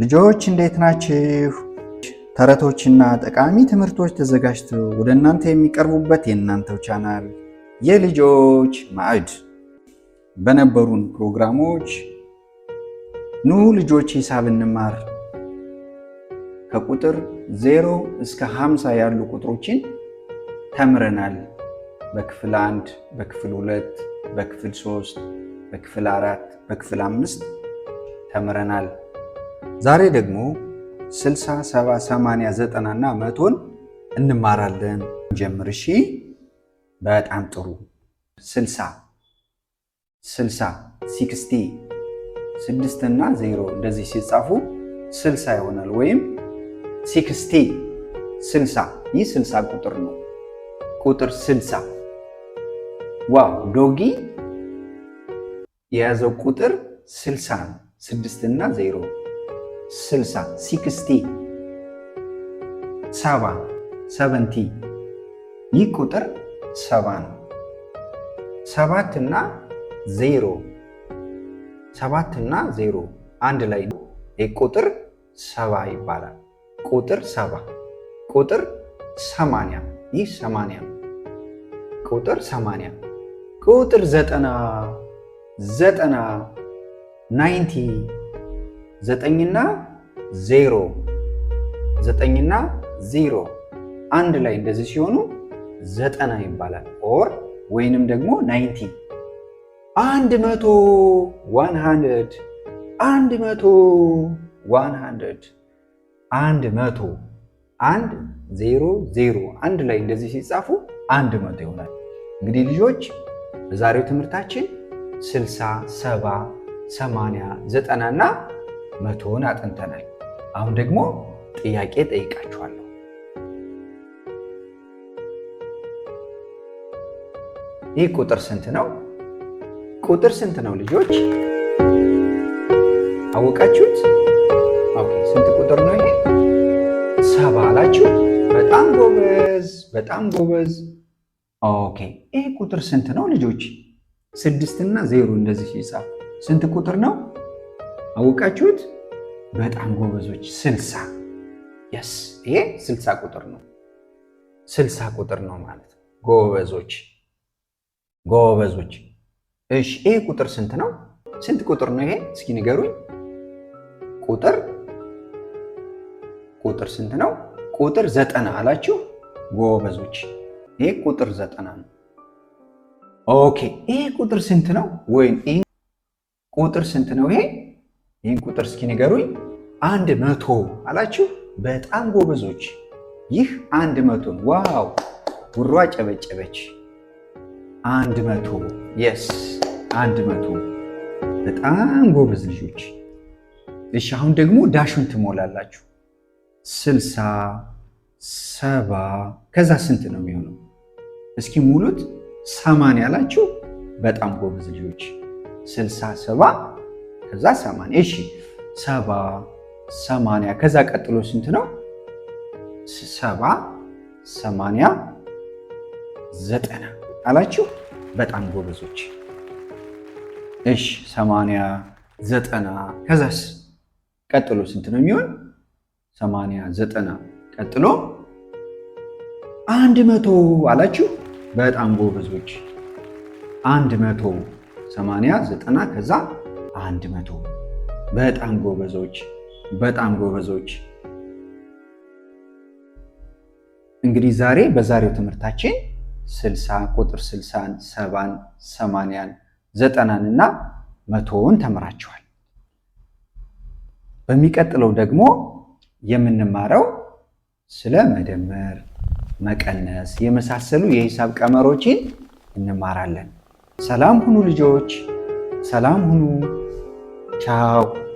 ልጆች እንዴት ናችሁ? ተረቶችና ጠቃሚ ትምህርቶች ተዘጋጅተው ወደ እናንተ የሚቀርቡበት የእናንተው ቻናል የልጆች ማዕድ። በነበሩን ፕሮግራሞች ኑ ልጆች ሂሳብ እንማር ከቁጥር ዜሮ እስከ 50 ያሉ ቁጥሮችን ተምረናል። በክፍል አንድ፣ በክፍል ሁለት፣ በክፍል ሶስት፣ በክፍል አራት፣ በክፍል አምስት ተምረናል። ዛሬ ደግሞ 60፣ 70፣ 80፣ 90 እና መቶን እንማራለን። ጀምር። እሺ፣ በጣም ጥሩ። 60 60 60 6 እና 0 እንደዚህ ሲጻፉ 60 ይሆናል ወይም 60 60። ይህ 60 ቁጥር ነው። ቁጥር 60። ዋው! ዶጊ የያዘው ቁጥር 60 ነው። ስድስት እና ዜሮ 60 60 70 70 ይህ ቁጥር ሰባ ነው። ሰባት እና ዜሮ ሰባት እና ዜሮ አንድ ላይ ነው። ይህ ቁጥር ሰባ ይባላል። ቁጥር ሰባ ቁጥር ሰማንያ ይህ ሰማንያ ቁጥር ሰማንያ ቁጥር ዘጠና ዘጠና ናይንቲ ዘጠኝና ዜሮ ዘጠኝና ዜሮ አንድ ላይ እንደዚህ ሲሆኑ ዘጠና ይባላል። ኦር ወይንም ደግሞ ናይንቲ አንድ መቶ ዋን ሃንድረድ አንድ መቶ ዋን ሃንድረድ አንድ መቶ አንድ ዜሮ ዜሮ አንድ ላይ እንደዚህ ሲጻፉ አንድ መቶ ይሆናል። እንግዲህ ልጆች በዛሬው ትምህርታችን ስልሳ ሰባ ሰማንያ ዘጠናና እና መቶውን አጥንተናል። አሁን ደግሞ ጥያቄ ጠይቃችኋለሁ። ይህ ቁጥር ስንት ነው? ቁጥር ስንት ነው ልጆች አወቃችሁት? ስንት ቁጥር ነው ይሄ? ሰባ አላችሁ። በጣም ጎበዝ፣ በጣም ጎበዝ። ኦኬ ይህ ቁጥር ስንት ነው ልጆች? ስድስትና ዜሮ እንደዚህ ሲጻፍ ስንት ቁጥር ነው? አውቃችሁት በጣም ጎበዞች። ስልሳ የስ ይሄ ስልሳ ቁጥር ነው። ስልሳ ቁጥር ነው ማለት ጎበዞች ጎበዞች። እሺ ይሄ ቁጥር ስንት ነው? ስንት ቁጥር ነው ይሄ? እስኪ ንገሩኝ። ቁጥር ቁጥር ስንት ነው? ቁጥር ዘጠና አላችሁ ጎበዞች። ይሄ ቁጥር ዘጠና ነው። ኦኬ ይሄ ቁጥር ስንት ነው? ወይም ይሄ ቁጥር ስንት ነው ይሄ ይህን ቁጥር እስኪ ንገሩኝ። አንድ መቶ አላችሁ። በጣም ጎበዞች። ይህ አንድ መቶ ነው። ዋው! ጉሯ ጨበጨበች። አንድ መቶ የስ፣ አንድ መቶ በጣም ጎበዝ ልጆች። እሺ፣ አሁን ደግሞ ዳሹን ትሞላላችሁ። ስልሳ ሰባ ከዛ ስንት ነው የሚሆነው? እስኪ ሙሉት። ሰማንያ አላችሁ። በጣም ጎበዝ ልጆች። ስልሳ ሰባ ከዛ 80 እሺ፣ 70 80 ከዛ ቀጥሎ ስንት ነው? 70 80 90 አላችሁ። በጣም ጎበዞች። እሺ፣ 80 90 ከዛስ ቀጥሎ ስንት ነው የሚሆን? 80 90 ቀጥሎ አንድ መቶ አላችሁ። በጣም ጎበዞች። አንድ መቶ 80 90 ከዛ አንድ መቶ በጣም ጎበዞች፣ በጣም ጎበዞች። እንግዲህ ዛሬ በዛሬው ትምህርታችን ስልሳ ቁጥር ስልሳን ሰባን ሰማንያን ዘጠናን እና መቶውን ተምራችኋል። በሚቀጥለው ደግሞ የምንማረው ስለ መደመር፣ መቀነስ የመሳሰሉ የሂሳብ ቀመሮችን እንማራለን። ሰላም ሁኑ ልጆች፣ ሰላም ሁኑ። Chao.